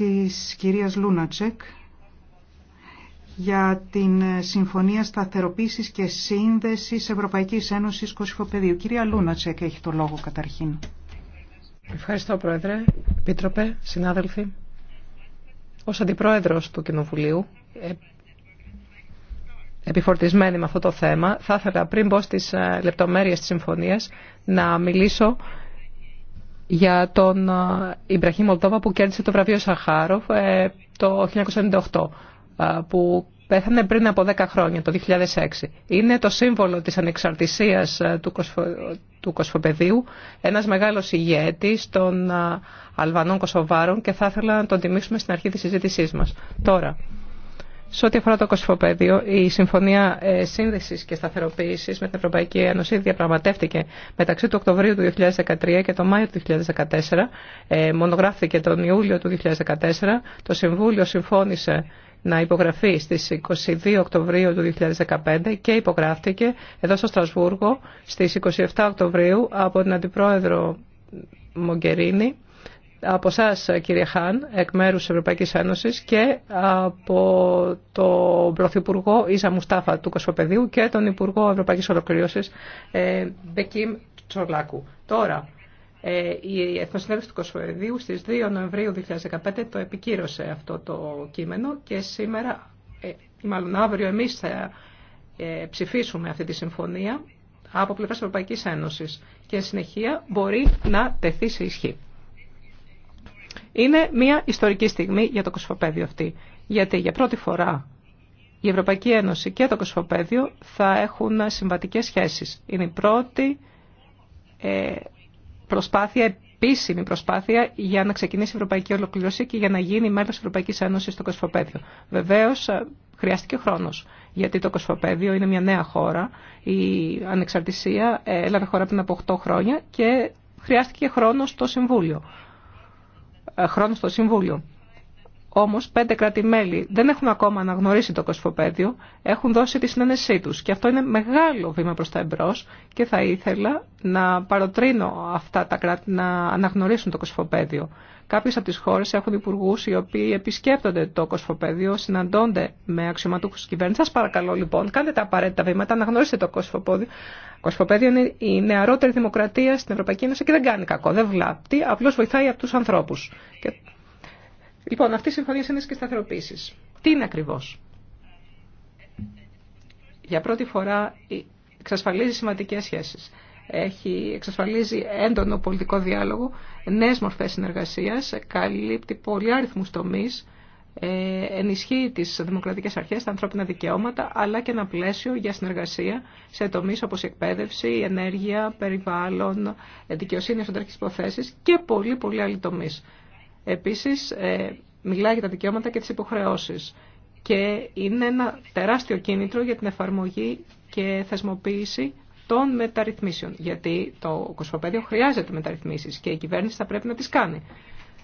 της κυρίας Λούνατσεκ για την Συμφωνία Σταθεροποίησης και Σύνδεσης Ευρωπαϊκής Ένωσης Κωσυφοπεδίου. Κυρία Λούνατσεκ έχει το λόγο καταρχήν. Ευχαριστώ Πρόεδρε, πίτροπε, συνάδελφοι. Ως Αντιπρόεδρος του Κοινοβουλίου, ε, επιφορτισμένη με αυτό το θέμα, θα ήθελα πριν μπω στις ε, λεπτομέρειες της συμφωνίας να μιλήσω για τον ε, Ιμπραχή Μολτόβα που κέρδισε το βραβείο Σαχάροφ ε, το 1998, ε, που πέθανε πριν από 10 χρόνια, το 2006. Είναι το σύμβολο της ανεξαρτησίας του, κοσφο, του Κοσφοπεδίου, ένας μεγάλος ηγέτης των Αλβανών Κοσοβάρων και θα ήθελα να τον τιμήσουμε στην αρχή της συζήτησής μας. Τώρα, σε ό,τι αφορά το κοσφοπέδιο, η Συμφωνία ε, Σύνδεση και Σταθεροποίηση με την Ευρωπαϊκή Ένωση διαπραγματεύτηκε μεταξύ του Οκτωβρίου του 2013 και του Μάιο του 2014. Ε, μονογράφηκε τον Ιούλιο του 2014. Το Συμβούλιο συμφώνησε να υπογραφεί στις 22 Οκτωβρίου του 2015 και υπογράφτηκε εδώ στο Στρασβούργο στις 27 Οκτωβρίου από την Αντιπρόεδρο Μογκερίνη από εσά, κύριε Χάν, εκ μέρου τη Ευρωπαϊκή Ένωση και από τον Πρωθυπουργό Ιζα Μουστάφα του Κοσμοπεδίου και τον Υπουργό Ευρωπαϊκή Ολοκλήρωση ε, Μπεκίμ Τσολάκου. Τώρα, ε, η Εθνοσυνέλευση του Κοσμοπεδίου στι 2 Νοεμβρίου 2015 το επικύρωσε αυτό το κείμενο και σήμερα, ε, μάλλον αύριο, εμεί θα ε, ψηφίσουμε αυτή τη συμφωνία από πλευρά Ευρωπαϊκή Ένωση και συνεχεία μπορεί να τεθεί σε ισχύ. Είναι μια ιστορική στιγμή για το κοσφοπέδιο αυτή. Γιατί για πρώτη φορά η Ευρωπαϊκή Ένωση και το κοσφοπέδιο θα έχουν συμβατικές σχέσεις. Είναι η πρώτη ε, προσπάθεια, επίσημη προσπάθεια για να ξεκινήσει η Ευρωπαϊκή Ολοκλήρωση και για να γίνει μέλος της Ευρωπαϊκής Ένωσης στο κοσφοπέδιο. Βεβαίως ε, χρειάστηκε χρόνος, γιατί το κοσφοπέδιο είναι μια νέα χώρα. Η ανεξαρτησία ε, έλαβε χώρα πριν από 8 χρόνια και χρειάστηκε χρόνο στο Συμβούλιο χρόνο στο Συμβούλιο. Όμω, πεντε πέντε κράτη-μέλη δεν έχουν ακόμα αναγνωρίσει το κοσφοπέδιο, έχουν δώσει τη συνένεσή του. και αυτό είναι μεγάλο βήμα προ τα εμπρό. και θα ήθελα να παροτρύνω αυτά τα κράτη να αναγνωρίσουν το κοσφοπέδιο. Κάποιε από τι χώρε έχουν υπουργού οι οποίοι επισκέπτονται το κοσφοπέδιο, συναντώνται με αξιωματούχους κυβέρνηση. Σα παρακαλώ λοιπόν, κάντε τα απαραίτητα βήματα, αναγνωρίστε το κοσφοπέδιο. Κοσφοπέδιο είναι η νεαρότερη δημοκρατία στην Ευρωπαϊκή Ένωση και δεν κάνει κακό, δεν βλάπτει, απλώ βοηθάει από του ανθρώπου. Λοιπόν, αυτή η συμφωνία είναι και σταθεροποίηση. Τι είναι ακριβώ. Για πρώτη φορά εξασφαλίζει σημαντικέ σχέσει. Έχει, εξασφαλίζει έντονο πολιτικό διάλογο, νέε μορφέ συνεργασία, καλύπτει πολλοί αριθμούς τομείς, ε, ενισχύει τι δημοκρατικέ αρχέ, τα ανθρώπινα δικαιώματα, αλλά και ένα πλαίσιο για συνεργασία σε τομεί όπω η εκπαίδευση, η ενέργεια, περιβάλλον, δικαιοσύνη, εσωτερικές υποθέσει και πολλοί πολλοί άλλοι τομεί. Επίσης, ε, μιλάει για τα δικαιώματα και τις υποχρεώσεις και είναι ένα τεράστιο κίνητρο για την εφαρμογή και θεσμοποίηση των μεταρρυθμίσεων. Γιατί το κοσμοπέδιο χρειάζεται μεταρρυθμίσεις και η κυβέρνηση θα πρέπει να τις κάνει.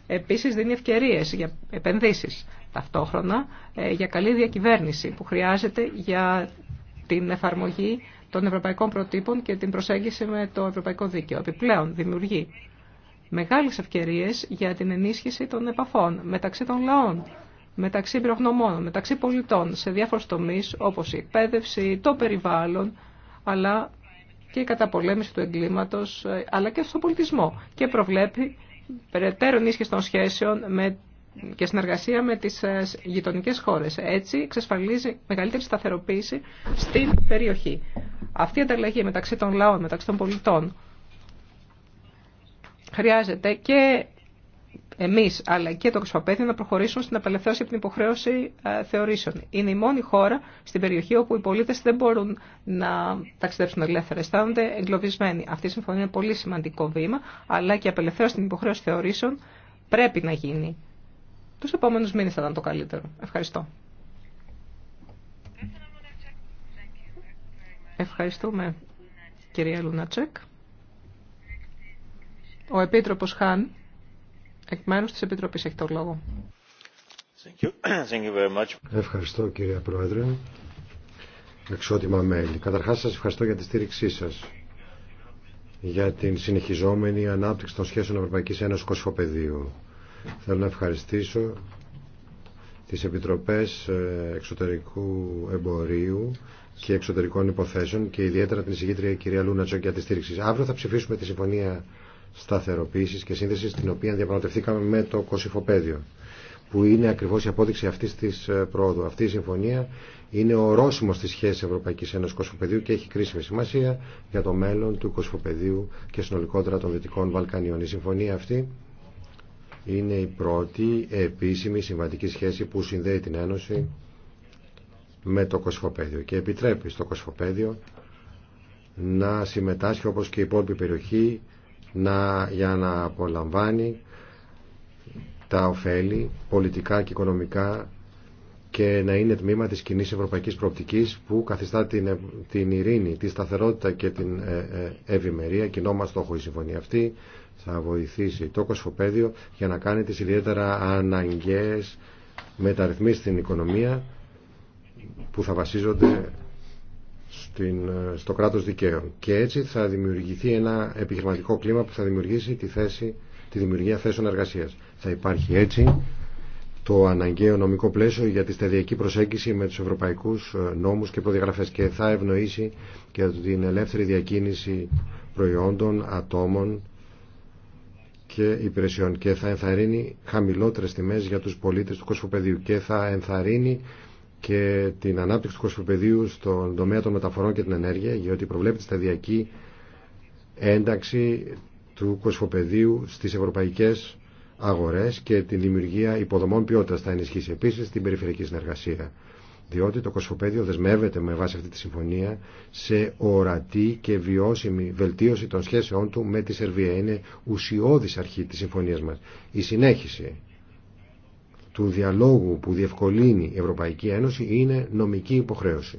Επίσης δίνει ευκαιρίες για επενδύσεις ταυτόχρονα ε, για καλή διακυβέρνηση που χρειάζεται για την εφαρμογή των ευρωπαϊκών προτύπων και την προσέγγιση με το ευρωπαϊκό δίκαιο. Επιπλέον δημιουργεί μεγάλες ευκαιρίες για την ενίσχυση των επαφών μεταξύ των λαών, μεταξύ πυρογνωμών, μεταξύ πολιτών σε διάφορες τομείς όπως η εκπαίδευση, το περιβάλλον, αλλά και η καταπολέμηση του εγκλήματος, ε, αλλά και στον πολιτισμό. Και προβλέπει περαιτέρω ενίσχυση των σχέσεων με και συνεργασία με τις ε, γειτονικέ χώρες. Έτσι εξασφαλίζει μεγαλύτερη σταθεροποίηση στην περιοχή. Αυτή η ανταλλαγή μεταξύ των λαών, μεταξύ των πολιτών, Χρειάζεται και εμείς αλλά και το Κοσμοπέδιο να προχωρήσουν στην απελευθέρωση από την υποχρέωση ε, θεωρήσεων. Είναι η μόνη χώρα στην περιοχή όπου οι πολίτες δεν μπορούν να ταξιδέψουν ελεύθερα. Αισθάνονται εγκλωβισμένοι. Αυτή η συμφωνία είναι πολύ σημαντικό βήμα, αλλά και η απελευθέρωση την υποχρέωση θεωρήσεων πρέπει να γίνει. Του επόμενου μήνε θα ήταν το καλύτερο. Ευχαριστώ. Ευχαριστούμε κυρία Λουνατσέκ. Ο Επίτροπος Χάν, εκ μέρους της Επιτροπής, έχει το λόγο. Thank you. Thank you very much. Ευχαριστώ κύριε Πρόεδρε. Εξότιμα μέλη. Καταρχάς σας ευχαριστώ για τη στήριξή σας για την συνεχιζόμενη ανάπτυξη των σχέσεων Ευρωπαϊκής Ένωσης Κοσμοπεδίου. Θέλω να ευχαριστήσω τις Επιτροπές ε, Εξωτερικού Εμπορίου και Εξωτερικών Υποθέσεων και ιδιαίτερα την εισηγήτρια κυρία Λούνα για τη στήριξη. Αύριο θα ψηφίσουμε τη Συμφωνία σταθεροποίησης και σύνδεσης την οποία διαπραγματευθήκαμε με το Κωσυφοπαίδιο που είναι ακριβώς η απόδειξη αυτής της ε, πρόοδου. Αυτή η συμφωνία είναι ορόσημο της σχέση Ευρωπαϊκής Ένωσης Κωσυφοπαιδίου και έχει κρίσιμη σημασία για το μέλλον του Κωσυφοπαιδίου και συνολικότερα των Δυτικών Βαλκανίων. Η συμφωνία αυτή είναι η πρώτη επίσημη συμβατική σχέση που συνδέει την Ένωση με το Κωσυφοπαίδιο και επιτρέπει στο Κωσυφοπαίδιο να συμμετάσχει όπως και η υπόλοιπη περιοχή να, για να απολαμβάνει τα ωφέλη πολιτικά και οικονομικά και να είναι τμήμα της κοινή ευρωπαϊκής προοπτικής που καθιστά την, την ειρήνη, τη σταθερότητα και την ε, ε, ευημερία. Κοινό μας στόχο η συμφωνία αυτή θα βοηθήσει το κοσφοπέδιο για να κάνει τις ιδιαίτερα αναγκαίες μεταρρυθμίσεις στην οικονομία που θα βασίζονται ε, στο κράτος δικαίων Και έτσι θα δημιουργηθεί ένα επιχειρηματικό κλίμα που θα δημιουργήσει τη, θέση, τη δημιουργία θέσεων εργασίας. Θα υπάρχει έτσι το αναγκαίο νομικό πλαίσιο για τη στεδιακή προσέγγιση με τους ευρωπαϊκούς ε, νόμους και προδιαγραφές και θα ευνοήσει και την ελεύθερη διακίνηση προϊόντων, ατόμων και υπηρεσιών και θα ενθαρρύνει χαμηλότερες τιμές για τους πολίτες του κοσμοπεδίου και θα ενθαρρύνει και την ανάπτυξη του κοσμοπεδίου στον τομέα των μεταφορών και την ενέργεια, γιατί προβλέπει τη σταδιακή ένταξη του κοσμοπεδίου στις ευρωπαϊκές αγορές και την δημιουργία υποδομών ποιότητας. Θα ενισχύσει επίσης την περιφερειακή συνεργασία, διότι το κοσμοπέδιο δεσμεύεται με βάση αυτή τη συμφωνία σε ορατή και βιώσιμη βελτίωση των σχέσεών του με τη Σερβία. Είναι ουσιώδης αρχή της συμφωνίας μας. Η συνέχιση του διαλόγου που διευκολύνει η Ευρωπαϊκή Ένωση είναι νομική υποχρέωση.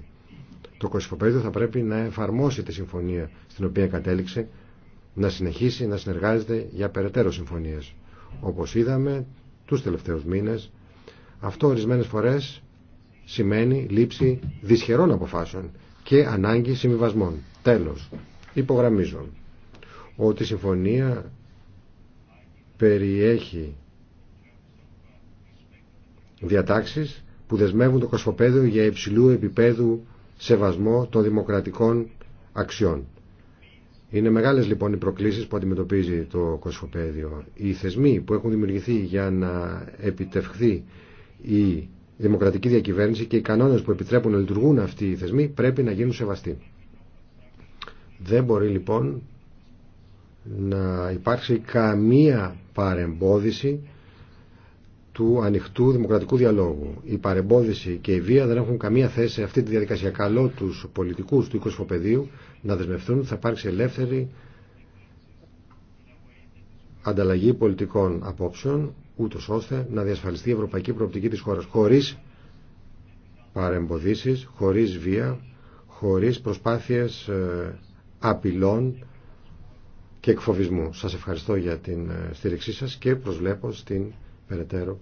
Το Κωσυφοπέδιο θα πρέπει να εφαρμόσει τη συμφωνία στην οποία κατέληξε, να συνεχίσει να συνεργάζεται για περαιτέρω συμφωνίες. Όπως είδαμε τους τελευταίους μήνες, αυτό ορισμένε φορές σημαίνει λήψη δυσχερών αποφάσεων και ανάγκη συμβιβασμών. Τέλος, υπογραμμίζω ότι η συμφωνία περιέχει διατάξεις που δεσμεύουν το κοσμοπέδιο για υψηλού επίπεδου σεβασμό των δημοκρατικών αξιών. Είναι μεγάλες λοιπόν οι προκλήσεις που αντιμετωπίζει το κοσμοπέδιο. Οι θεσμοί που έχουν δημιουργηθεί για να επιτευχθεί η δημοκρατική διακυβέρνηση και οι κανόνες που επιτρέπουν να λειτουργούν αυτοί οι θεσμοί πρέπει να γίνουν σεβαστοί. Δεν μπορεί λοιπόν να υπάρξει καμία παρεμπόδιση του ανοιχτού δημοκρατικού διαλόγου. Η παρεμπόδιση και η βία δεν έχουν καμία θέση σε αυτή τη διαδικασία. Καλό τους πολιτικούς του πεδίου να δεσμευθούν ότι θα υπάρξει ελεύθερη ανταλλαγή πολιτικών απόψεων, ούτω ώστε να διασφαλιστεί η ευρωπαϊκή προοπτική της χώρας, χωρί παρεμποδίσει, χωρίς βία, χωρίς προσπάθειες ε, απειλών και εκφοβισμού. Σας ευχαριστώ για την ε, στήριξή σας και προσβλέπω στην περαιτέρω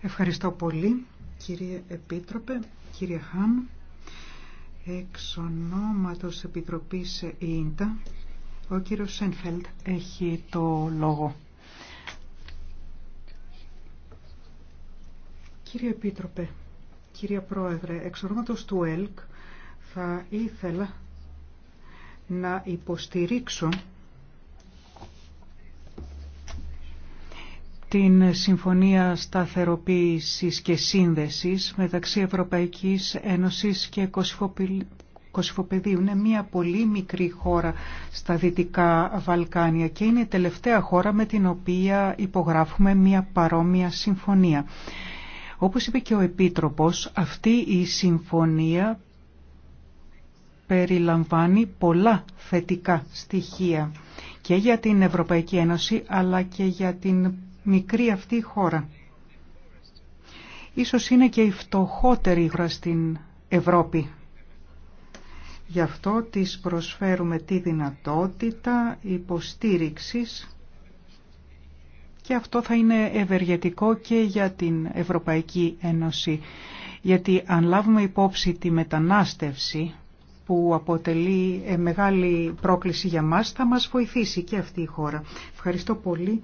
Ευχαριστώ πολύ κύριε Επίτροπε, κύριε Χάν. Εξ ονόματος Επιτροπής ΙΝΤΑ, ο κύριος Σένφελτ έχει το λόγο. Κύριε Επίτροπε, κύριε Πρόεδρε, εξ ονόματος του ΕΛΚ θα ήθελα να υποστηρίξω την Συμφωνία Σταθεροποίησης και Σύνδεσης μεταξύ Ευρωπαϊκής Ένωσης και Κωσυφοπεδίου. Είναι μια πολύ μικρή χώρα στα Δυτικά Βαλκάνια και είναι η τελευταία χώρα με την οποία υπογράφουμε μια παρόμοια συμφωνία. Όπως είπε και ο Επίτροπος, αυτή η συμφωνία περιλαμβάνει πολλά θετικά στοιχεία και για την Ευρωπαϊκή Ένωση αλλά και για την μικρή αυτή η χώρα. Ίσως είναι και η φτωχότερη χώρα στην Ευρώπη. Γι' αυτό της προσφέρουμε τη δυνατότητα υποστήριξης και αυτό θα είναι ευεργετικό και για την Ευρωπαϊκή Ένωση. Γιατί αν λάβουμε υπόψη τη μετανάστευση που αποτελεί ε, μεγάλη πρόκληση για μας, θα μας βοηθήσει και αυτή η χώρα. Ευχαριστώ πολύ.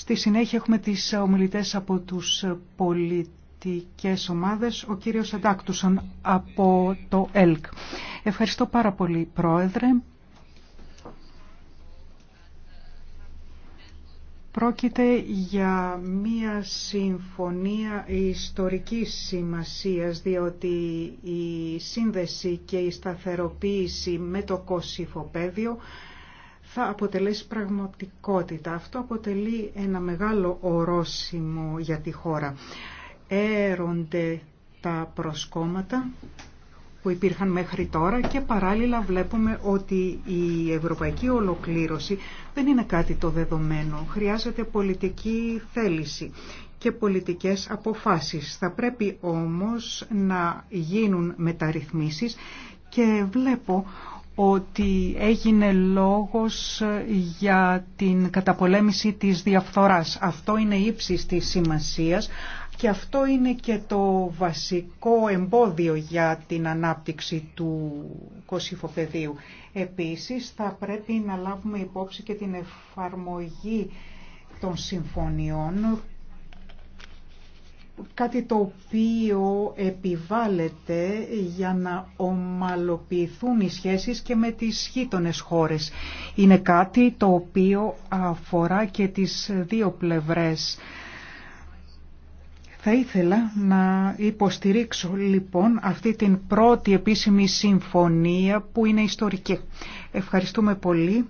Στη συνέχεια έχουμε τις ομιλητές από τους πολιτικές ομάδες, ο κύριος Αντάκτουσον από το ΕΛΚ. Ευχαριστώ πάρα πολύ, Πρόεδρε. Πρόκειται για μία συμφωνία ιστορικής σημασίας, διότι η σύνδεση και η σταθεροποίηση με το κοσυφοπέδιο θα αποτελέσει πραγματικότητα. Αυτό αποτελεί ένα μεγάλο ορόσημο για τη χώρα. Έρονται τα προσκόμματα που υπήρχαν μέχρι τώρα και παράλληλα βλέπουμε ότι η ευρωπαϊκή ολοκλήρωση δεν είναι κάτι το δεδομένο. Χρειάζεται πολιτική θέληση και πολιτικές αποφάσεις. Θα πρέπει όμως να γίνουν μεταρρυθμίσεις και βλέπω ότι έγινε λόγος για την καταπολέμηση της διαφθοράς. Αυτό είναι ύψης της σημασίας και αυτό είναι και το βασικό εμπόδιο για την ανάπτυξη του κοσυφοπεδίου. Επίσης θα πρέπει να λάβουμε υπόψη και την εφαρμογή των συμφωνιών κάτι το οποίο επιβάλλεται για να ομαλοποιηθούν οι σχέσεις και με τις γείτονε χώρες. Είναι κάτι το οποίο αφορά και τις δύο πλευρές. Θα ήθελα να υποστηρίξω λοιπόν αυτή την πρώτη επίσημη συμφωνία που είναι ιστορική. Ευχαριστούμε πολύ.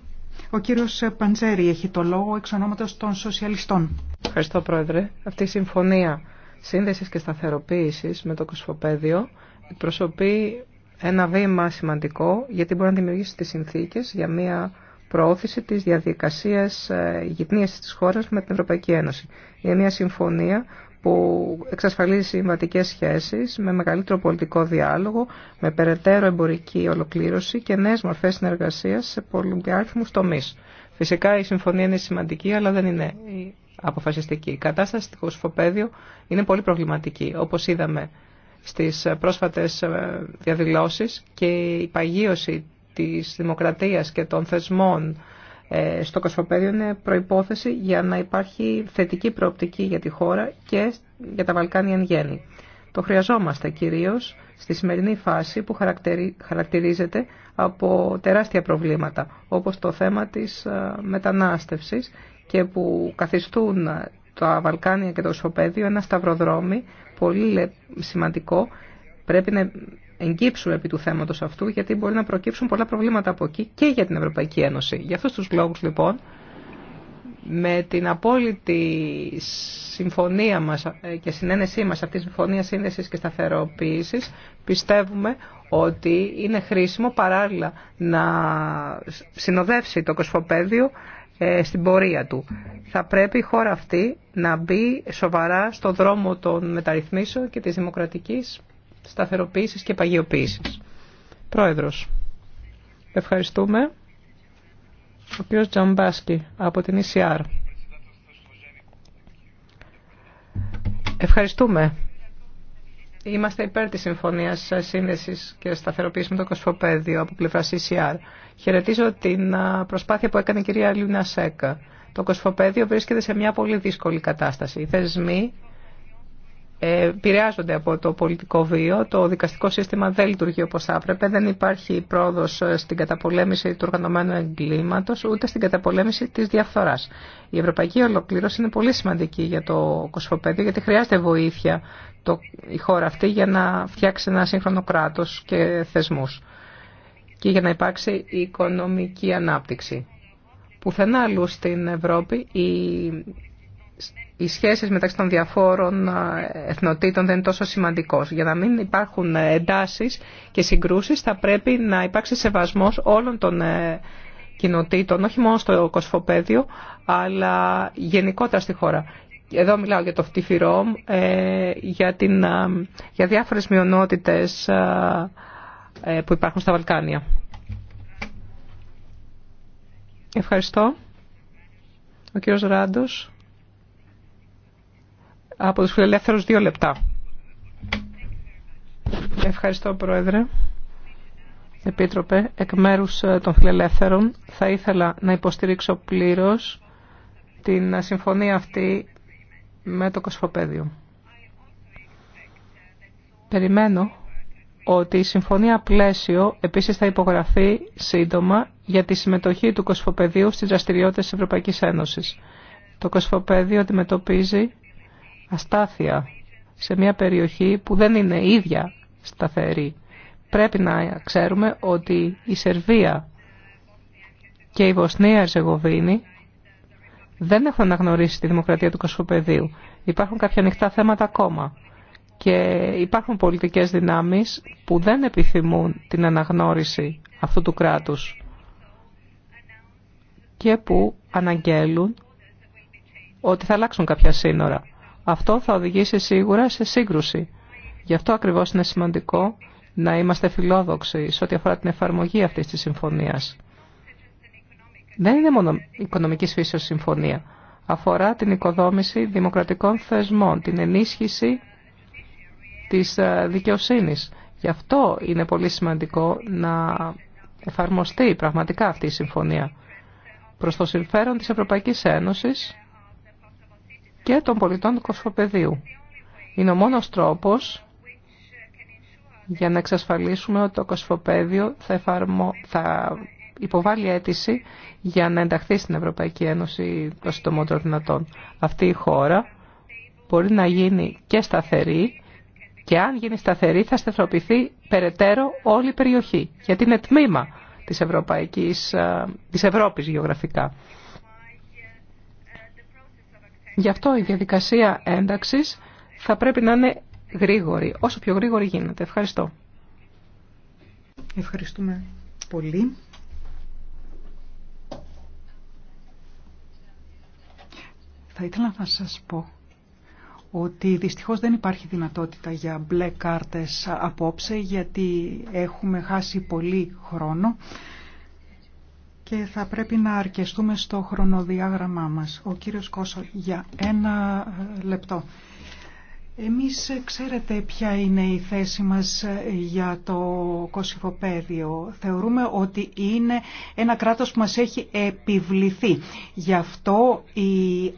Ο κύριος Παντζέρη έχει το λόγο εξ των σοσιαλιστών. Ευχαριστώ Πρόεδρε. Αυτή η συμφωνία σύνδεσης και σταθεροποίησης με το κοσφοπέδιο προσωπεί ένα βήμα σημαντικό γιατί μπορεί να δημιουργήσει τις συνθήκες για μια προώθηση της διαδικασίας ε, γυπνίασης της χώρας με την Ευρωπαϊκή Ένωση. Είναι μια συμφωνία που εξασφαλίζει συμβατικές σχέσεις με μεγαλύτερο πολιτικό διάλογο, με περαιτέρω εμπορική ολοκλήρωση και νέες μορφές συνεργασίας σε πολυάριθμους τομείς. Φυσικά η συμφωνία είναι σημαντική, αλλά δεν είναι αποφασιστική. Η κατάσταση στο κοσφοπέδιο είναι πολύ προβληματική, όπως είδαμε στις πρόσφατες ε, διαδηλώσεις και η παγίωση της δημοκρατίας και των θεσμών ε, στο κοσφοπέδιο είναι προϋπόθεση για να υπάρχει θετική προοπτική για τη χώρα και για τα Βαλκάνια εν γέννη. Το χρειαζόμαστε κυρίως στη σημερινή φάση που χαρακτηρίζεται από τεράστια προβλήματα, όπως το θέμα της ε, μετανάστευσης και που καθιστούν τα Βαλκάνια και το Σοπέδιο ένα σταυροδρόμι πολύ σημαντικό. Πρέπει να εγκύψουμε επί του θέματος αυτού γιατί μπορεί να προκύψουν πολλά προβλήματα από εκεί και για την Ευρωπαϊκή Ένωση. Για αυτούς τους λόγους λοιπόν με την απόλυτη συμφωνία μας ε, και συνένεσή μας αυτή τη συμφωνία σύνδεσης και σταθεροποίησης πιστεύουμε ότι είναι χρήσιμο παράλληλα να συνοδεύσει το κοσφοπέδιο ε, στην πορεία του. Θα πρέπει η χώρα αυτή να μπει σοβαρά στο δρόμο των μεταρρυθμίσεων και της δημοκρατικής σταθεροποίησης και παγιοποίησης. Πρόεδρος, ευχαριστούμε. Ο κ. Τζαμπάσκι από την ECR. Ευχαριστούμε Είμαστε υπέρ τη συμφωνία σύνδεση και σταθεροποίηση με το κοσφοπέδιο από πλευρά CCR. Χαιρετίζω την προσπάθεια που έκανε η κυρία Λιούνα Σέκα. Το κοσφοπέδιο βρίσκεται σε μια πολύ δύσκολη κατάσταση. Οι θεσμοί ε, επηρεάζονται από το πολιτικό βίο, το δικαστικό σύστημα δεν λειτουργεί όπω θα έπρεπε, δεν υπάρχει πρόοδος ε, στην καταπολέμηση του οργανωμένου εγκλήματο ούτε στην καταπολέμηση τη διαφθοράς. Η ευρωπαϊκή ολοκλήρωση είναι πολύ σημαντική για το κοσμοπέδιο, γιατί χρειάζεται βοήθεια το, η χώρα αυτή για να φτιάξει ένα σύγχρονο κράτος και θεσμούς και για να υπάρξει η οικονομική ανάπτυξη. Πουθενά αλλού στην Ευρώπη οι, οι σχέσεις μεταξύ των διαφόρων εθνοτήτων δεν είναι τόσο σημαντικός. Για να μην υπάρχουν ε, εντάσεις και συγκρούσεις θα πρέπει να υπάρξει σεβασμός όλων των ε, κοινοτήτων, όχι μόνο στο κοσφοπέδιο, αλλά γενικότερα στη χώρα εδώ μιλάω για το φτυφυρό, ε, για, την, ε, για διάφορες μειονότητες ε, που υπάρχουν στα Βαλκάνια. Ευχαριστώ. Ο κύριος Ράντος. Από τους φιλελεύθερους δύο λεπτά. Ευχαριστώ, Πρόεδρε. Επίτροπε, εκ μέρους των φιλελεύθερων θα ήθελα να υποστηρίξω πλήρως την συμφωνία αυτή με το κοσφοπέδιο. Περιμένω ότι η συμφωνία πλαίσιο επίσης θα υπογραφεί σύντομα για τη συμμετοχή του κοσφοπεδίου στις δραστηριότητες της Ευρωπαϊκής Ένωσης. Το κοσφοπέδιο αντιμετωπίζει αστάθεια σε μια περιοχή που δεν είναι ίδια σταθερή. Πρέπει να ξέρουμε ότι η Σερβία και η Βοσνία Ερζεγοβίνη δεν έχουν αναγνωρίσει τη δημοκρατία του Κοσμοπεδίου. Υπάρχουν κάποια ανοιχτά θέματα ακόμα. Και υπάρχουν πολιτικές δυνάμεις που δεν επιθυμούν την αναγνώριση αυτού του κράτους και που αναγγέλουν ότι θα αλλάξουν κάποια σύνορα. Αυτό θα οδηγήσει σίγουρα σε σύγκρουση. Γι' αυτό ακριβώς είναι σημαντικό να είμαστε φιλόδοξοι σε ό,τι αφορά την εφαρμογή αυτής της συμφωνίας δεν είναι μόνο οικονομική φύσεως συμφωνία. Αφορά την οικοδόμηση δημοκρατικών θεσμών, την ενίσχυση της ε, δικαιοσύνης. Γι' αυτό είναι πολύ σημαντικό να εφαρμοστεί πραγματικά αυτή η συμφωνία προς το συμφέρον της Ευρωπαϊκής Ένωσης και των πολιτών του Κοσμοπεδίου. Είναι ο μόνος τρόπος για να εξασφαλίσουμε ότι το Κοσμοπέδιο θα, εφαρμο... θα υποβάλει αίτηση για να ενταχθεί στην Ευρωπαϊκή Ένωση το συντομότερο δυνατόν. Αυτή η χώρα μπορεί να γίνει και σταθερή και αν γίνει σταθερή θα σταθεροποιηθεί περαιτέρω όλη η περιοχή γιατί είναι τμήμα της, Ευρωπαϊκής, ε, της Ευρώπης γεωγραφικά. Γι' αυτό η διαδικασία ένταξης θα πρέπει να είναι γρήγορη, όσο πιο γρήγορη γίνεται. Ευχαριστώ. Ευχαριστούμε πολύ. Θα ήθελα να σας πω ότι δυστυχώς δεν υπάρχει δυνατότητα για μπλε κάρτες απόψε γιατί έχουμε χάσει πολύ χρόνο και θα πρέπει να αρκεστούμε στο χρονοδιάγραμμά μας. Ο κύριος Κόσο για ένα ε, λεπτό. Εμείς ξέρετε ποια είναι η θέση μας για το Κωσυφοπέδιο. Θεωρούμε ότι είναι ένα κράτος που μας έχει επιβληθεί. Γι' αυτό η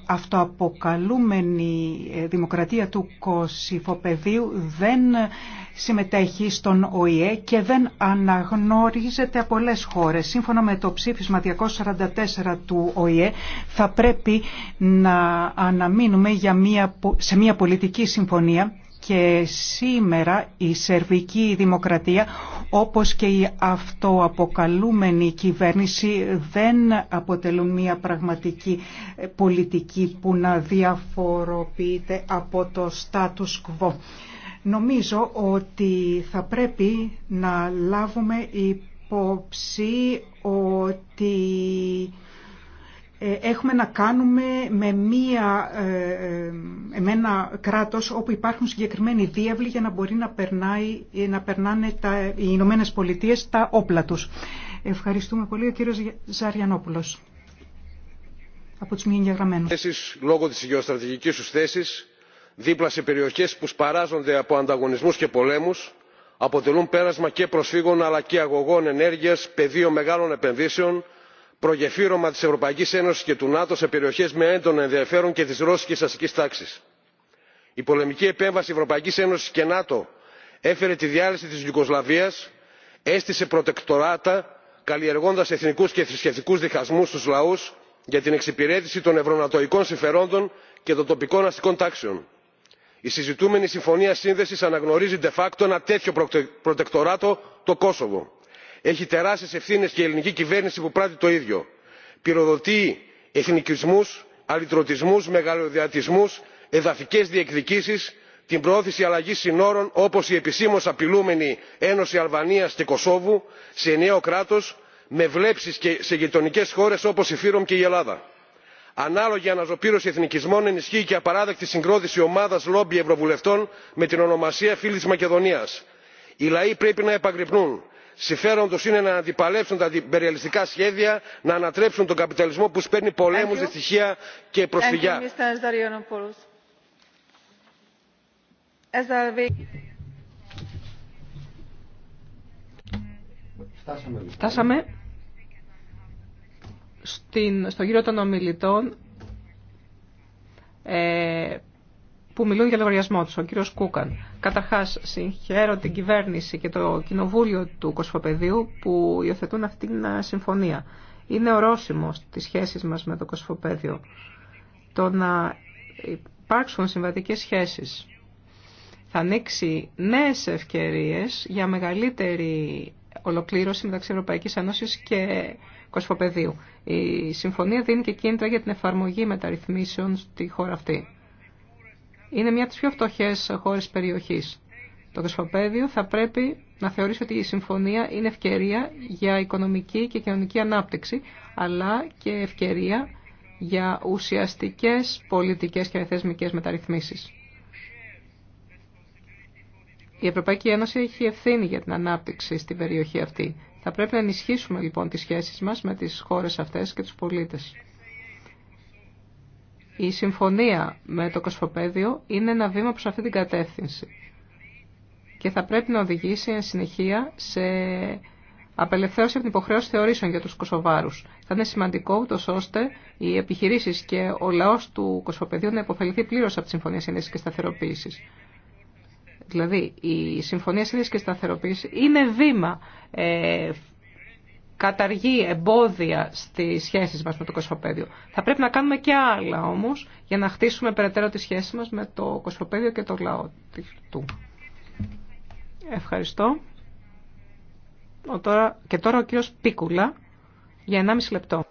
αυτοαποκαλούμενη δημοκρατία του Κωσυφοπαιδίου δεν συμμετέχει στον ΟΗΕ και δεν αναγνωρίζεται από πολλές χώρες. Σύμφωνα με το ψήφισμα 244 του ΟΗΕ θα πρέπει να αναμείνουμε για μια, σε μια πολιτική συμφωνία και σήμερα η Σερβική Δημοκρατία όπως και η αυτοαποκαλούμενη κυβέρνηση δεν αποτελούν μια πραγματική πολιτική που να διαφοροποιείται από το status quo. Νομίζω ότι θα πρέπει να λάβουμε υπόψη ότι ε, έχουμε να κάνουμε με, μία, ε, ε, με ένα κράτος όπου υπάρχουν συγκεκριμένοι διάβλοι για να μπορεί να, περνάει, να περνάνε τα, οι Ηνωμένε Πολιτείες τα όπλα τους. Ευχαριστούμε πολύ ο κύριος Ζαριανόπουλος. Από τους μη Λόγω της γεωστρατηγικής τους θέσης, δίπλα σε περιοχές που σπαράζονται από ανταγωνισμούς και πολέμους, αποτελούν πέρασμα και προσφύγων αλλά και αγωγών ενέργειας, πεδίο μεγάλων επενδύσεων, προγεφύρωμα της ευρωπαϊκής ένωσης και του νατο σε περιοχές με έντονο ενδιαφέρον και της ρώσικης αστικής τάξης. η πολεμική επέμβαση ευρωπαϊκής ένωσης και νατο έφερε τη διάλυση της ιουγκοσλαβίας έστησε προτεκτοράτα καλλιεργώντας εθνικούς και θρησκευτικούς διχασμούς στους λαούς για την εξυπηρέτηση των ευρωνατοϊκών συμφερόντων και των τοπικών αστικών τάξεων. η συζητούμενη συμφωνία σύνδεσης αναγνωρίζει de facto ένα τέτοιο προτεκτοράτο το κόσοβο έχει τεράστιες ευθύνες και η ελληνική κυβέρνηση που πράττει το ίδιο. πυροδοτεί εθνικισμούς αλυτρωτισμούς μεγαλοδιατισμούς εδαφικές διεκδικήσεις την προώθηση αλλαγής συνόρων όπως η επισήμως απειλούμενη ένωση αλβανίας και κωσόβου σε νέο κράτος με βλέψεις και σε γειτονικές χώρες όπως η φύρομ και η ελλάδα. Ανάλογη αναζωπήρωση εθνικισμών ενισχύει και απαράδεκτη συγκρότηση ομάδα λόμπι ευρωβουλευτών με την ονομασία φίλη τη Μακεδονία. Οι λαοί πρέπει να επαγρυπνούν συμφέρον είναι να αντιπαλέψουν τα υπεριαλιστικά σχέδια να ανατρέψουν τον καπιταλισμό που σπέρνει πολέμους δυστυχία και προσφυγιά. Λοιπόν. Φτάσαμε στην, στο γύρο των ομιλητών. Ε, που μιλούν για λογαριασμό του, ο κύριο Κούκαν. Καταρχά συγχαίρω την κυβέρνηση και το κοινοβούλιο του Κοσφοπεδίου που υιοθετούν αυτήν την συμφωνία. Είναι ορόσημο τη σχέσεις μα με το Κοσφοπέδιο το να υπάρξουν συμβατικέ σχέσει. Θα ανοίξει νέε ευκαιρίε για μεγαλύτερη ολοκλήρωση μεταξύ Ευρωπαϊκή Ένωση και Κοσφοπεδίου. Η συμφωνία δίνει και κίνητρα για την εφαρμογή μεταρρυθμίσεων στη χώρα αυτή είναι μια από τις πιο φτωχές χώρες περιοχή. Το κοσμοπέδιο θα πρέπει να θεωρήσει ότι η συμφωνία είναι ευκαιρία για οικονομική και κοινωνική ανάπτυξη, αλλά και ευκαιρία για ουσιαστικές πολιτικές και θεσμικές μεταρρυθμίσεις. Η Ευρωπαϊκή Ένωση έχει ευθύνη για την ανάπτυξη στην περιοχή αυτή. Θα πρέπει να ενισχύσουμε λοιπόν τις σχέσεις μας με τις χώρες αυτές και τους πολίτες. Η συμφωνία με το Κοσμοπέδιο είναι ένα βήμα προς αυτή την κατεύθυνση και θα πρέπει να οδηγήσει εν συνεχεία σε απελευθέρωση από την υποχρέωση θεωρήσεων για τους κοσοβάρους. Θα είναι σημαντικό ούτως ώστε οι επιχειρήσεις και ο λαός του Κοσμοπέδιου να υποφεληθεί πλήρως από τη Συμφωνία Σύνδεσης και Σταθεροποίησης. Δηλαδή, η Συμφωνία Σύνδεσης και Σταθεροποίησης είναι βήμα ε, καταργεί εμπόδια στις σχέσεις μας με το κοσμοπέδιο. Θα πρέπει να κάνουμε και άλλα όμως για να χτίσουμε περαιτέρω τη σχέση μας με το κοσμοπέδιο και το λαό του. Ευχαριστώ. Ο τώρα, και τώρα ο κύριος Πίκουλα για 1,5 λεπτό.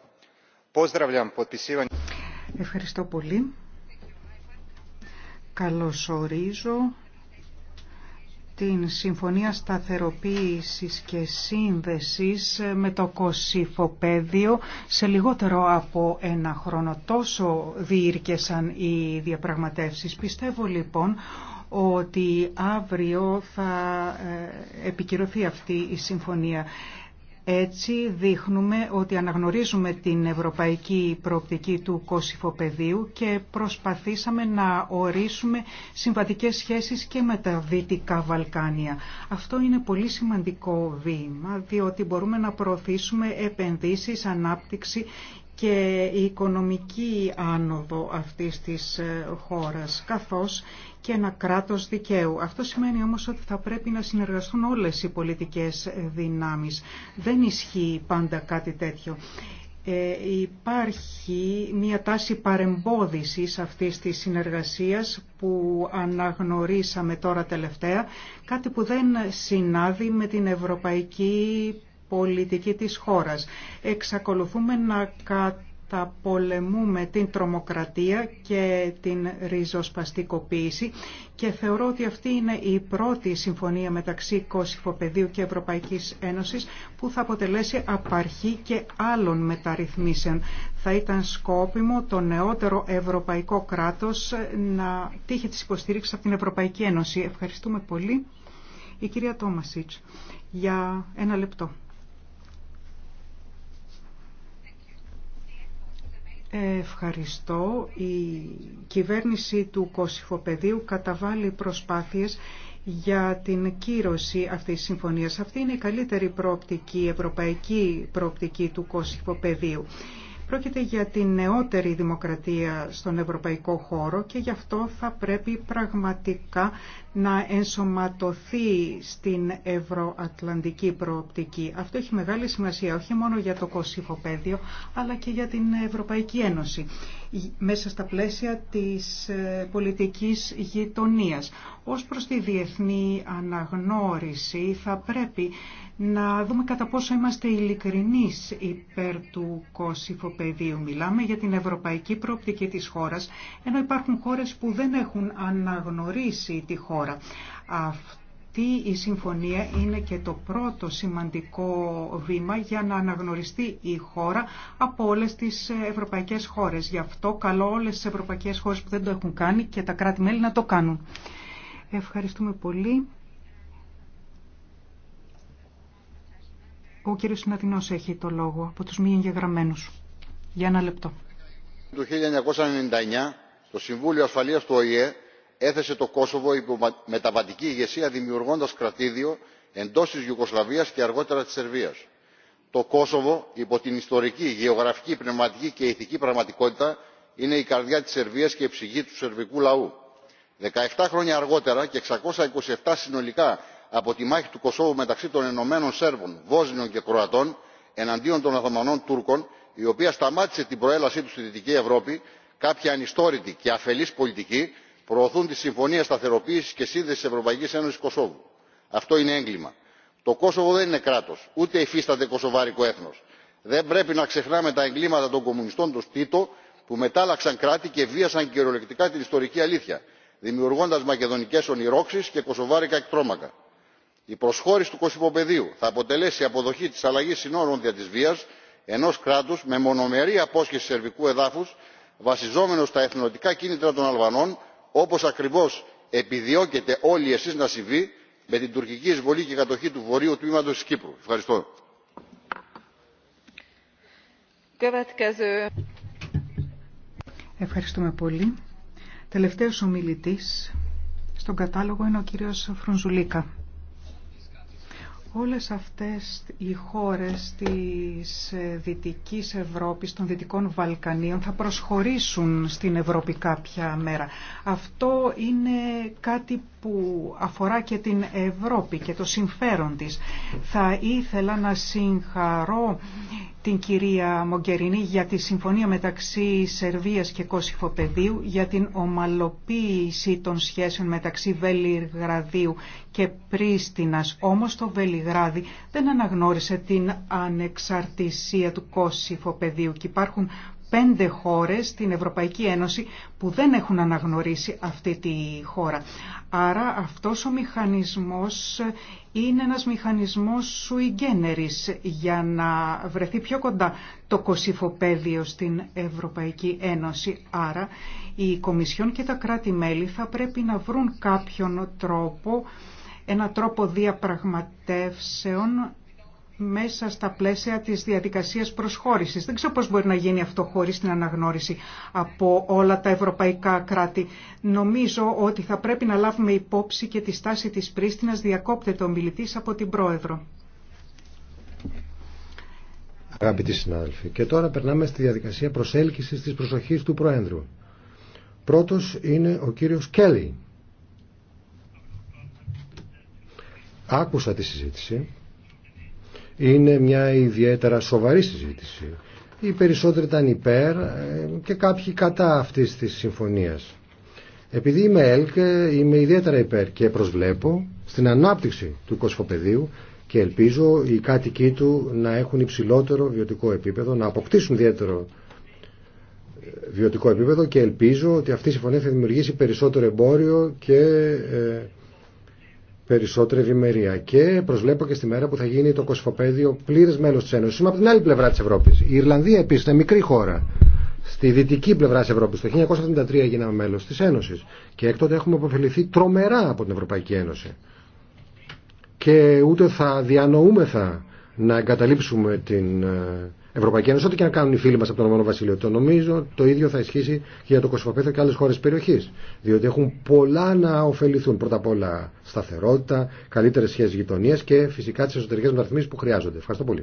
Ευχαριστώ πολύ. Καλωσορίζω την Συμφωνία Σταθεροποίησης και Σύνδεσης με το Πέδιο σε λιγότερο από ένα χρόνο. Τόσο διήρκεσαν οι διαπραγματεύσεις. Πιστεύω λοιπόν ότι αύριο θα ε, επικυρωθεί αυτή η συμφωνία. Έτσι δείχνουμε ότι αναγνωρίζουμε την ευρωπαϊκή προοπτική του Κωσυφοπεδίου και προσπαθήσαμε να ορίσουμε συμβατικές σχέσεις και με τα Δυτικά Βαλκάνια. Αυτό είναι πολύ σημαντικό βήμα διότι μπορούμε να προωθήσουμε επενδύσεις, ανάπτυξη και η οικονομική άνοδο αυτής της ε, χώρας, καθώς και ένα κράτος δικαίου. Αυτό σημαίνει όμως ότι θα πρέπει να συνεργαστούν όλες οι πολιτικές δυνάμεις. Δεν ισχύει πάντα κάτι τέτοιο. Ε, υπάρχει μια τάση παρεμπόδισης αυτής της συνεργασίας που αναγνωρίσαμε τώρα τελευταία, κάτι που δεν συνάδει με την ευρωπαϊκή πολιτική της χώρας. Εξακολουθούμε να καταπολεμούμε την τρομοκρατία και την ριζοσπαστικοποίηση και θεωρώ ότι αυτή είναι η πρώτη συμφωνία μεταξύ Κωσυφοπεδίου και Ευρωπαϊκής Ένωσης που θα αποτελέσει απαρχή και άλλων μεταρρυθμίσεων. Θα ήταν σκόπιμο το νεότερο ευρωπαϊκό κράτος να τύχει τις υποστήριξεις από την Ευρωπαϊκή Ένωση. Ευχαριστούμε πολύ. Η κυρία Τόμασιτς για ένα λεπτό. Ευχαριστώ. Η κυβέρνηση του Κωσυφοπεδίου καταβάλει προσπάθειες για την κύρωση αυτής της συμφωνίας. Αυτή είναι η καλύτερη προοπτική, ευρωπαϊκή προοπτική του Κωσυφοπεδίου. Πρόκειται για την νεότερη δημοκρατία στον ευρωπαϊκό χώρο και γι' αυτό θα πρέπει πραγματικά να ενσωματωθεί στην ευρωατλαντική προοπτική. Αυτό έχει μεγάλη σημασία όχι μόνο για το Πέδιο αλλά και για την Ευρωπαϊκή Ένωση μέσα στα πλαίσια της ε, πολιτικής γειτονίας. Ως προς τη διεθνή αναγνώριση θα πρέπει να δούμε κατά πόσο είμαστε ειλικρινείς υπέρ του κοσυφοπεδίου. Μιλάμε για την ευρωπαϊκή προοπτική της χώρας, ενώ υπάρχουν χώρες που δεν έχουν αναγνωρίσει τη χώρα. Αυτή η συμφωνία είναι και το πρώτο σημαντικό βήμα για να αναγνωριστεί η χώρα από όλες τις ευρωπαϊκές χώρες. Γι' αυτό καλώ όλες τις ευρωπαϊκές χώρες που δεν το έχουν κάνει και τα κράτη-μέλη να το κάνουν. Ευχαριστούμε πολύ. Ο κύριος Συνατινός έχει το λόγο από τους μη εγγεγραμμένους. Για ένα λεπτό. Το 1999 το Συμβούλιο Ασφαλείας του ΟΗΕ έθεσε το Κόσοβο υπό μεταβατική ηγεσία δημιουργώντας κρατήδιο εντός της Ιουγκοσλαβίας και αργότερα της Σερβίας. Το Κόσοβο υπό την ιστορική, γεωγραφική, πνευματική και ηθική πραγματικότητα είναι η καρδιά της Σερβίας και η ψυχή του σερβικού λαού. 17 χρόνια αργότερα και 627 συνολικά από τη μάχη του κωσόβου μεταξύ των ενωμένων σέρβων βόσνιων και κροατών εναντίον των οθωμανών τούρκων η οποία σταμάτησε την προέλασή του στη δυτική ευρώπη κάποια ανιστόρητη και αφελής πολιτική προωθούν τη συμφωνία σταθεροποίηση και σύνδεσης Ευρωπαϊκή Ένωση κωσόβου. αυτό είναι έγκλημα. το κωσόβο δεν είναι κράτος ούτε υφίσταται κωσοβάρικο έθνος. δεν πρέπει να ξεχνάμε τα εγκλήματα των κομμουνιστών του τίτο που μετάλλαξαν κράτη και βίασαν κυριολεκτικά την ιστορική αλήθεια δημιουργώντας μακεδονικές ονειρώξει και κωσοβάρικα εκτρώματα η προσχώρηση του κωσυφοπεδίου θα αποτελέσει αποδοχή της αλλαγής συνόρων δια της βίας ενός κράτους με μονομερή απόσχεση σερβικού εδάφους βασιζόμενο στα εθνοτικά κίνητρα των αλβανών όπως ακριβώς επιδιώκετε όλοι εσείς να συμβεί με την τουρκική εισβολή και κατοχή του βορείου τμήματος της κύπρου. ευχαριστώ. Ευχαριστούμε πολύ. Τελευταίος ομιλητής στον κατάλογο είναι ο κύριος Φρουνζουλίκα. Όλες αυτές οι χώρες της ε, Δυτικής Ευρώπης, των Δυτικών Βαλκανίων θα προσχωρήσουν στην Ευρώπη κάποια μέρα. Αυτό είναι κάτι που αφορά και την Ευρώπη και το συμφέρον της. Θα ήθελα να συγχαρώ την κυρία Μογκερίνη για τη συμφωνία μεταξύ Σερβίας και Κωσυφοπεδίου για την ομαλοποίηση των σχέσεων μεταξύ Βελιγραδίου και Πρίστινας. Όμως το Βελιγράδι δεν αναγνώρισε την ανεξαρτησία του Κωσυφοπεδίου και υπάρχουν πέντε χώρες στην Ευρωπαϊκή Ένωση που δεν έχουν αναγνωρίσει αυτή τη χώρα. Άρα αυτός ο μηχανισμός είναι ένας μηχανισμός sui για να βρεθεί πιο κοντά το κοσυφοπέδιο στην Ευρωπαϊκή Ένωση. Άρα οι Κομισιόν και τα κράτη-μέλη θα πρέπει να βρουν κάποιον τρόπο ένα τρόπο διαπραγματεύσεων μέσα στα πλαίσια της διαδικασίας προσχώρησης. Δεν ξέρω πώς μπορεί να γίνει αυτό χωρίς την αναγνώριση από όλα τα ευρωπαϊκά κράτη. Νομίζω ότι θα πρέπει να λάβουμε υπόψη και τη στάση της Πρίστινας διακόπτεται ο μιλητής από την Πρόεδρο. Αγαπητοί συνάδελφοι, και τώρα περνάμε στη διαδικασία προσέλκυσης της προσοχής του Προέδρου. Πρώτος είναι ο κύριος Κέλλη. Άκουσα τη συζήτηση είναι μια ιδιαίτερα σοβαρή συζήτηση. Οι περισσότεροι ήταν υπέρ ε, και κάποιοι κατά αυτής της συμφωνίας. Επειδή είμαι ΕΛΚ, ε, είμαι ιδιαίτερα υπέρ και προσβλέπω στην ανάπτυξη του κοσφοπεδίου και ελπίζω οι κάτοικοί του να έχουν υψηλότερο βιωτικό επίπεδο, να αποκτήσουν ιδιαίτερο ε, βιωτικό επίπεδο και ελπίζω ότι αυτή η συμφωνία θα δημιουργήσει περισσότερο εμπόριο και περισσότερη ευημερία. Και προσβλέπω και στη μέρα που θα γίνει το Κοσφοπέδιο πλήρε μέλο τη Ένωση. Είμαι από την άλλη πλευρά τη Ευρώπη. Η Ιρλανδία επίση είναι μικρή χώρα. Στη δυτική πλευρά τη Ευρώπη. Το 1973 γίναμε μέλο τη Ένωση. Και έκτοτε έχουμε αποφεληθεί τρομερά από την Ευρωπαϊκή Ένωση. Και ούτε θα διανοούμεθα να εγκαταλείψουμε την ε, Ευρωπαϊκή Ένωση, ό,τι και να κάνουν οι φίλοι μα από το Ηνωμένο Βασίλειο. Το νομίζω το ίδιο θα ισχύσει και για το Κωσυφοπέδιο και άλλε χώρε περιοχή. Διότι έχουν πολλά να ωφεληθούν. Πρώτα απ' όλα σταθερότητα, καλύτερε σχέσει γειτονία και φυσικά τι εσωτερικέ μεταρρυθμίσει που χρειάζονται. Ευχαριστώ πολύ.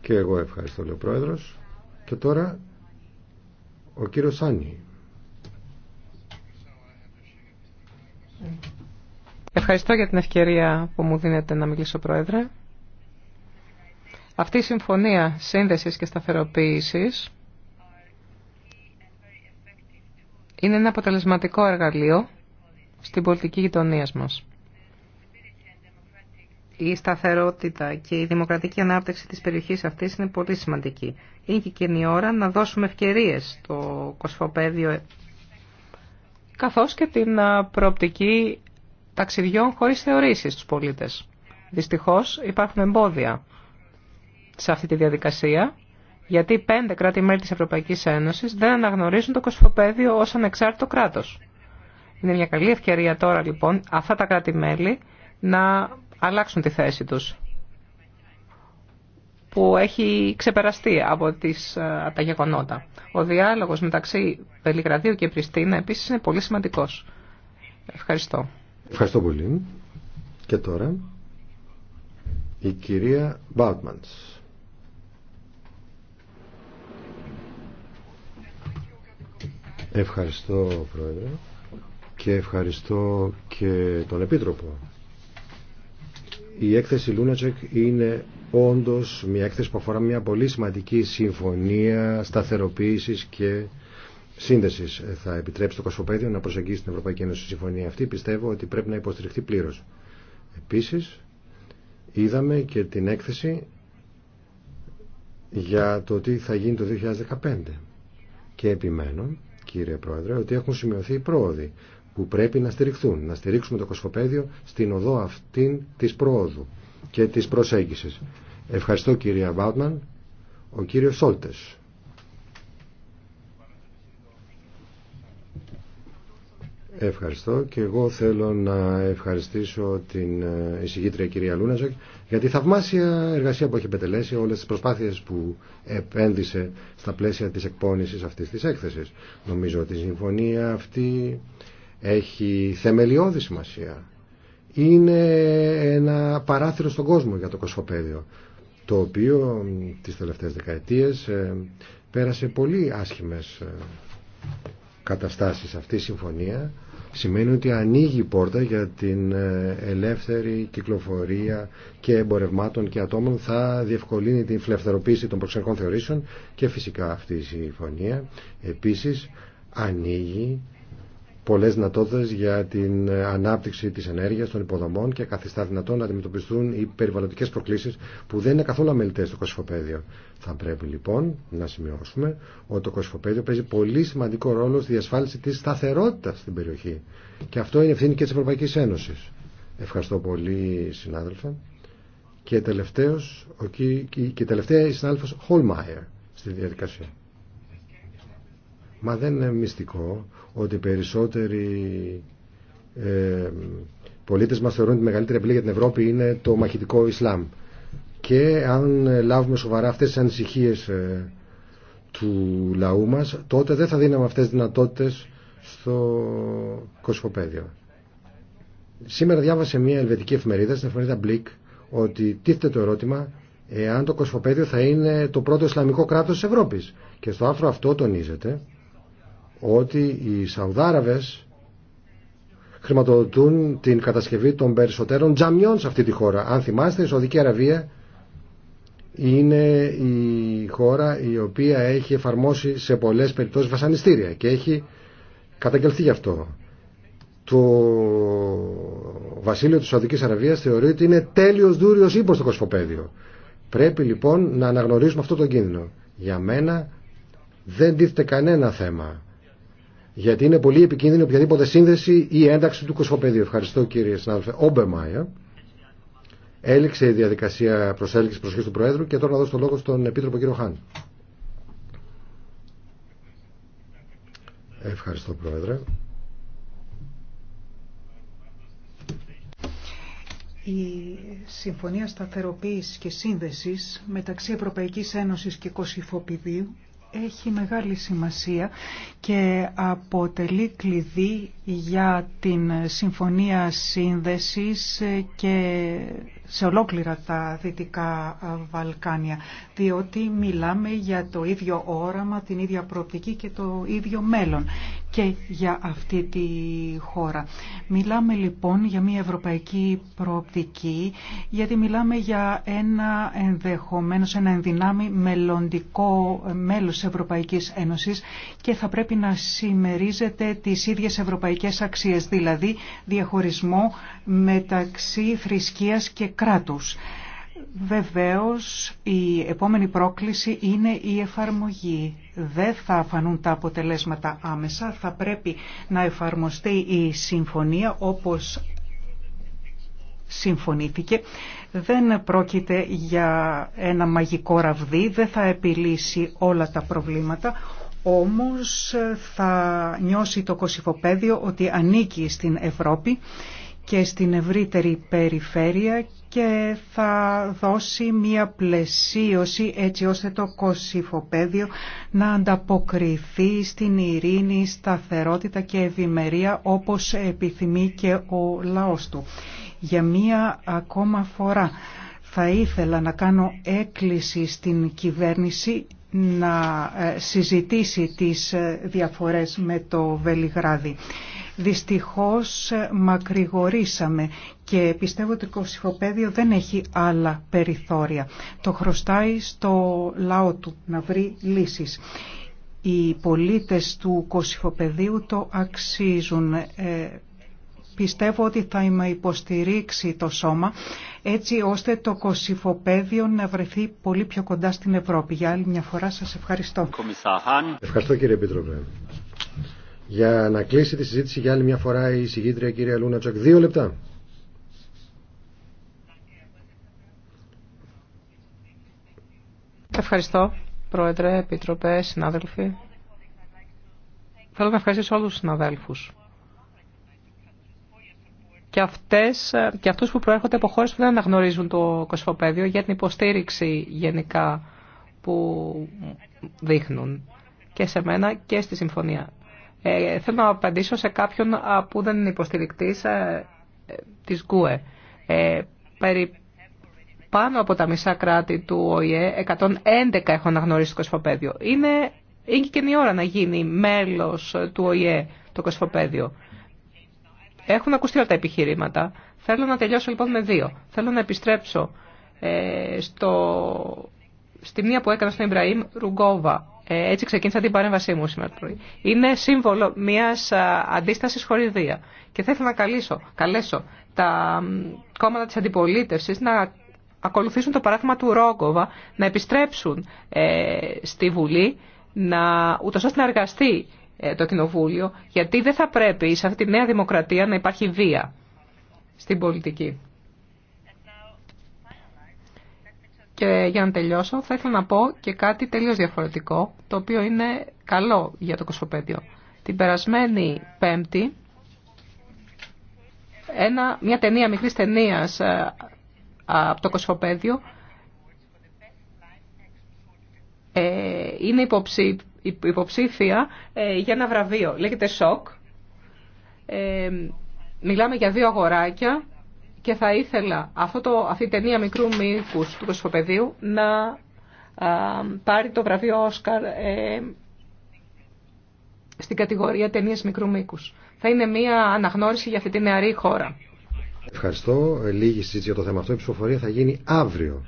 Και εγώ ευχαριστώ, λέει ο Πρόεδρο. Και τώρα ο κύριο Σάνι. Ευχαριστώ για την ευκαιρία που μου δίνετε να μιλήσω, Πρόεδρε. Αυτή η συμφωνία σύνδεσης και σταθεροποίησης είναι ένα αποτελεσματικό εργαλείο στην πολιτική γειτονία μας. Η σταθερότητα και η δημοκρατική ανάπτυξη της περιοχής αυτής είναι πολύ σημαντική. Είναι και ώρα να δώσουμε ευκαιρίες στο κοσφοπέδιο καθώς και την προοπτική ταξιδιών χωρίς θεωρήσεις στους πολίτες. Δυστυχώς υπάρχουν εμπόδια σε αυτή τη διαδικασία, γιατί πέντε κράτη-μέλη της Ευρωπαϊκής Ένωσης δεν αναγνωρίζουν το κοσφοπέδιο ως ανεξάρτητο κράτος. Είναι μια καλή ευκαιρία τώρα λοιπόν αυτά τα κράτη-μέλη να αλλάξουν τη θέση τους που έχει ξεπεραστεί από τις, ε, α, τα γεγονότα. Ο διάλογος μεταξύ Πελιγραδίου και Πριστίνα επίσης είναι πολύ σημαντικός. Ευχαριστώ. Ευχαριστώ πολύ. Και τώρα η κυρία Μπάουτμαντς. Ευχαριστώ Πρόεδρε και ευχαριστώ και τον Επίτροπο. Η έκθεση Λούνατσεκ είναι όντως μια έκθεση που αφορά μια πολύ σημαντική συμφωνία σταθεροποίησης και σύνδεσης. Θα επιτρέψει το Κοσμοπέδιο να προσεγγίσει την Ευρωπαϊκή Ένωση συμφωνία αυτή. Πιστεύω ότι πρέπει να υποστηριχθεί πλήρως. Επίσης, είδαμε και την έκθεση για το τι θα γίνει το 2015 και επιμένω κύριε Πρόεδρε, ότι έχουν σημειωθεί πρόοδοι που πρέπει να στηριχθούν, να στηρίξουμε το Κοσμοπέδιο στην οδό αυτήν της πρόοδου και τη προσέγγισης. Ευχαριστώ κύριε Βάουτμαν, ο κύριος Σόλτες. Ευχαριστώ και εγώ θέλω να ευχαριστήσω την ε, εισηγήτρια κυρία Λούναζεκ για τη θαυμάσια εργασία που έχει πετελέσει, όλες τις προσπάθειες που επένδυσε στα πλαίσια της εκπόνησης αυτής της έκθεσης. Νομίζω ότι η συμφωνία αυτή έχει θεμελιώδη σημασία. Είναι ένα παράθυρο στον κόσμο για το κοσφοπέδιο, το οποίο τις τελευταίες δεκαετίες ε, πέρασε πολύ άσχημες ε, καταστάσεις αυτή η συμφωνία σημαίνει ότι ανοίγει πόρτα για την ε, ελεύθερη κυκλοφορία και εμπορευμάτων και ατόμων θα διευκολύνει την φλευθεροποίηση των προξενικών θεωρήσεων και φυσικά αυτή η συμφωνία επίσης ανοίγει πολλές δυνατότητες για την ε, ανάπτυξη της ενέργειας, των υποδομών και καθιστά δυνατόν να αντιμετωπιστούν οι περιβαλλοντικές προκλήσεις που δεν είναι καθόλου αμελητές στο κοσυφοπαίδιο. Θα πρέπει λοιπόν να σημειώσουμε ότι το κοσυφοπαίδιο παίζει πολύ σημαντικό ρόλο στη διασφάλιση της σταθερότητας στην περιοχή. Και αυτό είναι ευθύνη και της Ευρωπαϊκής Ένωσης. Ευχαριστώ πολύ συνάδελφα. Και τελευταίος, ο, και, και τελευταία η συνάδελφος Χολμάιερ στη διαδικασία. Μα δεν είναι μυστικό ότι περισσότεροι ε, πολίτες μας θεωρούν ότι η μεγαλύτερη απειλή για την Ευρώπη είναι το μαχητικό Ισλάμ. Και αν ε, λάβουμε σοβαρά αυτές τις ανησυχίες ε, του λαού μας, τότε δεν θα δίναμε αυτές τις δυνατότητες στο κοσμοπέδιο. Σήμερα διάβασε μια ελβετική εφημερίδα, στην εφημερίδα Blick, ότι τίθεται το ερώτημα εάν το κοσμοπέδιο θα είναι το πρώτο Ισλαμικό κράτος της Ευρώπης. Και στο άρθρο αυτό τονίζεται ότι οι Σαουδάραβες χρηματοδοτούν την κατασκευή των περισσότερων τζαμιών σε αυτή τη χώρα. Αν θυμάστε, η Σαουδική Αραβία είναι η χώρα η οποία έχει εφαρμόσει σε πολλές περιπτώσεις βασανιστήρια και έχει καταγγελθεί γι' αυτό. Το βασίλειο της Σαουδικής Αραβίας θεωρεί ότι είναι τέλειος δούριος ύπος στο Πρέπει λοιπόν να αναγνωρίσουμε αυτό το κίνδυνο. Για μένα δεν τίθεται κανένα θέμα γιατί είναι πολύ επικίνδυνη οποιαδήποτε σύνδεση ή ένταξη του κοσμοπεδίου. Ευχαριστώ κύριε συνάδελφε. Όμπεμάια. Έληξε η διαδικασία προσέλκυση προσοχή του Προέδρου και τώρα να δώσω το λόγο στον κύριο Χάνη. Χάν. Ευχαριστώ Πρόεδρε. Η Συμφωνία Σταθεροποίησης και Σύνδεσης μεταξύ Ευρωπαϊκής Ένωσης και Κωσυφοπηδίου έχει μεγάλη σημασία και αποτελεί κλειδί για την Συμφωνία Σύνδεσης και σε ολόκληρα τα Δυτικά Βαλκάνια, διότι μιλάμε για το ίδιο όραμα, την ίδια προοπτική και το ίδιο μέλλον και για αυτή τη χώρα. Μιλάμε λοιπόν για μια ευρωπαϊκή προοπτική, γιατί μιλάμε για ένα ενδεχομένως, ένα ενδυνάμει μελλοντικό μέλος Ευρωπαϊκής Ένωσης και θα πρέπει να συμμερίζεται τις ίδιες ευρωπαϊκές αξίες, δηλαδή διαχωρισμό μεταξύ θρησκείας και κράτους. Βεβαίως η επόμενη πρόκληση είναι η εφαρμογή. Δεν θα φανούν τα αποτελέσματα άμεσα, θα πρέπει να εφαρμοστεί η συμφωνία όπως συμφωνήθηκε. Δεν πρόκειται για ένα μαγικό ραβδί, δεν θα επιλύσει όλα τα προβλήματα, όμως θα νιώσει το κοσυφοπέδιο ότι ανήκει στην Ευρώπη και στην ευρύτερη περιφέρεια και θα δώσει μία πλαισίωση έτσι ώστε το κοσυφοπέδιο να ανταποκριθεί στην ειρήνη, σταθερότητα και ευημερία όπως επιθυμεί και ο λαός του. Για μία ακόμα φορά θα ήθελα να κάνω έκκληση στην κυβέρνηση να ε, συζητήσει τις ε, διαφορές με το Βελιγράδι. Δυστυχώς ε, μακρηγορήσαμε και πιστεύω ότι το ψυχοπαίδιο δεν έχει άλλα περιθώρια. Το χρωστάει στο λαό του να βρει λύσεις. Οι πολίτες του Κωσυφοπαίδειου το αξίζουν. Ε, πιστεύω ότι θα είμαι υποστηρίξει το σώμα έτσι ώστε το Κωσυφοπαίδειο να βρεθεί πολύ πιο κοντά στην Ευρώπη. Για άλλη μια φορά σας ευχαριστώ. Ευχαριστώ κύριε Επίτροπε. Για να κλείσει τη συζήτηση για άλλη μια φορά η συγγήτρια κυρία Λούνατσοκ. Δύο λεπτά. Ευχαριστώ, Πρόεδρε, Επιτροπέ, συνάδελφοι. Θέλω να ευχαριστήσω όλους τους συναδέλφους. Και, αυτές, και αυτούς που προέρχονται από χώρες που δεν αναγνωρίζουν το κοσφοπέδιο για την υποστήριξη γενικά που δείχνουν και σε μένα και στη συμφωνία. Ε, θέλω να απαντήσω σε κάποιον που δεν είναι υποστηρικτής ε, ε της Ε, περί πάνω από τα μισά κράτη του ΟΗΕ, 111 έχουν αναγνωρίσει το κοσμοπέδιο. Είναι, είναι και η ώρα να γίνει μέλος του ΟΗΕ το κοσφοπέδιο. Έχουν ακουστεί όλα τα επιχειρήματα. Θέλω να τελειώσω λοιπόν με δύο. Θέλω να επιστρέψω ε, στο, στη μία που έκανα στον Ιμπραήμ Ρουγκόβα. Ε, έτσι ξεκίνησα την παρέμβασή μου σήμερα πρωί. Είναι σύμβολο μια αντίσταση χωριδία. Και θα ήθελα να καλέσω, καλέσω τα κόμματα τη αντιπολίτευση να ακολουθήσουν το παράδειγμα του Ρόγκοβα, να επιστρέψουν ε, στη Βουλή, να, ούτως ώστε να εργαστεί ε, το Κοινοβούλιο, γιατί δεν θα πρέπει σε αυτή τη νέα δημοκρατία να υπάρχει βία στην πολιτική. Και για να τελειώσω, θα ήθελα να πω και κάτι τελείως διαφορετικό, το οποίο είναι καλό για το κοσμοπέδιο. Την περασμένη Πέμπτη, ένα, μια ταινία μικρή ταινία. Ε, από το Κοσμοπέδιο ε, είναι υποψήφια ε, για ένα βραβείο. Λέγεται ΣΟΚ. Ε, μιλάμε για δύο αγοράκια και θα ήθελα αυτό το, αυτή η ταινία μικρού μήκους του Κοσμοπεδίου να πάρει το βραβείο Όσκαρ στην κατηγορία ταινίες μικρού μήκους. Θα είναι μία αναγνώριση για αυτή τη νεαρή χώρα. Ευχαριστώ. Ε, λίγη συζήτηση για το θέμα αυτό. Η ψηφοφορία θα γίνει αύριο.